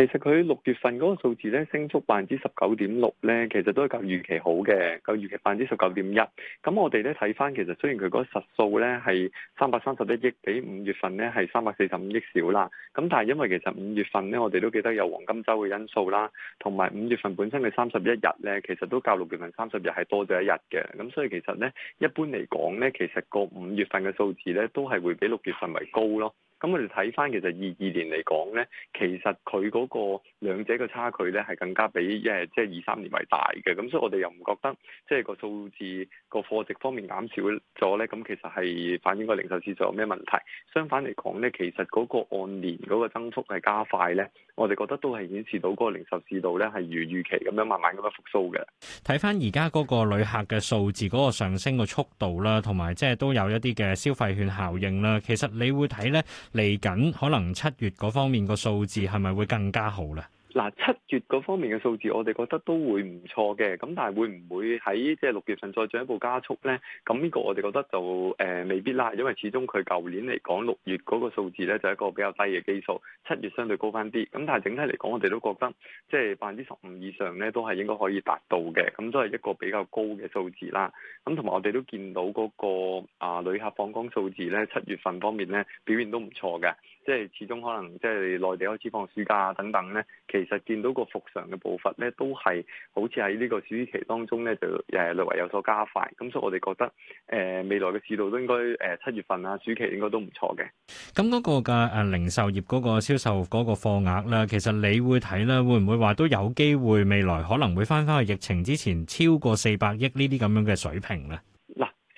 其實佢六月份嗰個數字咧，升幅百分之十九點六咧，其實都係較預期好嘅，較預期百分之十九點一。咁我哋咧睇翻，看看其實雖然佢嗰實數咧係三百三十一億，比五月份咧係三百四十五億少啦。咁但係因為其實五月份咧，我哋都記得有黃金周嘅因素啦，同埋五月份本身嘅三十一日咧，其實都較六月份三十日係多咗一日嘅。咁所以其實咧，一般嚟講咧，其實個五月份嘅數字咧，都係會比六月份為高咯。咁我哋睇翻，其實二二年嚟講咧，其實佢嗰個兩者嘅差距咧係更加比誒即係二三年為大嘅。咁所以我哋又唔覺得即係個數字個貨值方面減少咗咧，咁其實係反映個零售市場有咩問題？相反嚟講咧，其實嗰個按年嗰個增速係加快咧，我哋覺得都係顯示到嗰個零售市道咧係如預期咁樣慢慢咁樣復甦嘅。睇翻而家嗰個旅客嘅數字嗰個上升嘅速度啦，同埋即係都有一啲嘅消費券效應啦。其實你會睇咧。嚟緊可能七月嗰方面個數字，係咪會更加好咧？嗱，七月嗰方面嘅數字，我哋覺得都會唔錯嘅。咁但係會唔會喺即係六月份再進一步加速呢？咁呢個我哋覺得就誒、呃、未必啦，因為始終佢舊年嚟講六月嗰個數字呢就係一個比較低嘅基數，七月相對高翻啲。咁但係整體嚟講，我哋都覺得即係百分之十五以上呢都係應該可以達到嘅。咁都係一個比較高嘅數字啦。咁同埋我哋都見到嗰、那個啊、呃、旅客訪港數字呢，七月份方面呢表現都唔錯嘅。即係始終可能即係內地開始放暑假等等咧，其實見到個復常嘅步伐咧，都係好似喺呢個暑期當中咧，就誒略為有所加快。咁、嗯、所以我哋覺得誒、呃、未來嘅市道都應該誒七月份啊、暑期應該都唔錯嘅。咁嗰個嘅誒零售業嗰個銷售嗰個貨額咧，其實你會睇咧，會唔會話都有機會未來可能會翻返去疫情之前超過四百億呢啲咁樣嘅水平咧？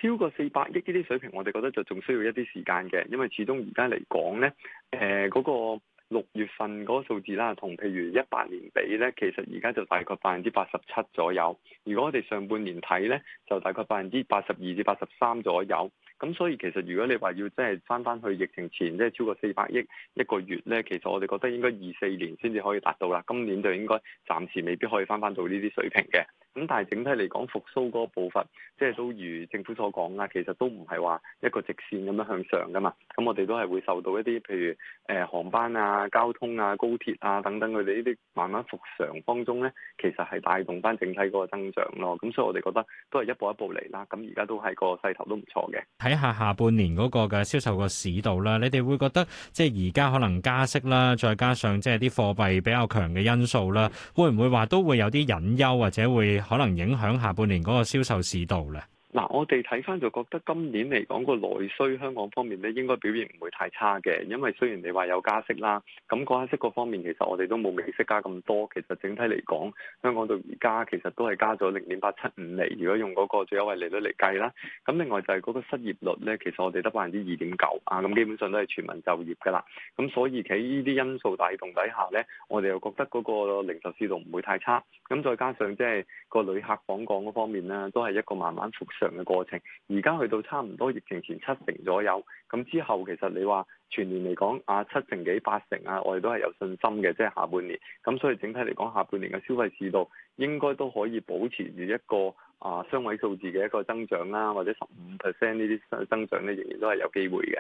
超過四百億呢啲水平，我哋覺得就仲需要一啲時間嘅，因為始終而家嚟講呢，誒、呃、嗰、嗰個六月份嗰個數字啦，同譬如一八年比呢，其實而家就大概百分之八十七左右。如果我哋上半年睇呢，就大概百分之八十二至八十三左右。咁所以其實如果你話要真係返返去疫情前，即係超過四百億一個月呢，其實我哋覺得應該二四年先至可以達到啦。今年就應該暫時未必可以返返到呢啲水平嘅。咁但係整體嚟講，復甦嗰個步伐，即係都如政府所講啦，其實都唔係話一個直線咁樣向上噶嘛。咁我哋都係會受到一啲譬如誒航班啊、交通啊、高鐵啊等等佢哋呢啲慢慢復常當中咧，其實係帶動翻整體嗰個增長咯。咁所以我哋覺得都係一步一步嚟啦。咁而家都係個勢頭都唔錯嘅。睇下下半年嗰個嘅銷售個市道啦，你哋會覺得即係而家可能加息啦，再加上即係啲貨幣比較強嘅因素啦，會唔會話都會有啲隱憂或者會，可能影響下半年嗰個銷售市道啦。嗱，我哋睇翻就覺得今年嚟講個內需香港方面咧，應該表現唔會太差嘅，因為雖然你話有加息啦，咁個加息嗰方面其實我哋都冇美息加咁多，其實整體嚟講，香港到而家其實都係加咗零點八七五厘，如果用嗰個最優惠利率嚟計啦。咁另外就係嗰個失業率咧，其實我哋得百分之二點九啊，咁基本上都係全民就業㗎啦。咁所以喺呢啲因素帶動底下咧，我哋又覺得嗰個零售市道唔會太差。咁再加上即係個旅客訪港嗰方面咧，都係一個慢慢復上嘅過程，而家去到差唔多疫情前七成左右，咁之後其實你話全年嚟講啊七成幾八成啊，我哋都係有信心嘅，即係下半年。咁所以整體嚟講下半年嘅消費市道應該都可以保持住一個啊雙位數字嘅一個增長啦，或者十五 percent 呢啲增增長咧，仍然都係有機會嘅。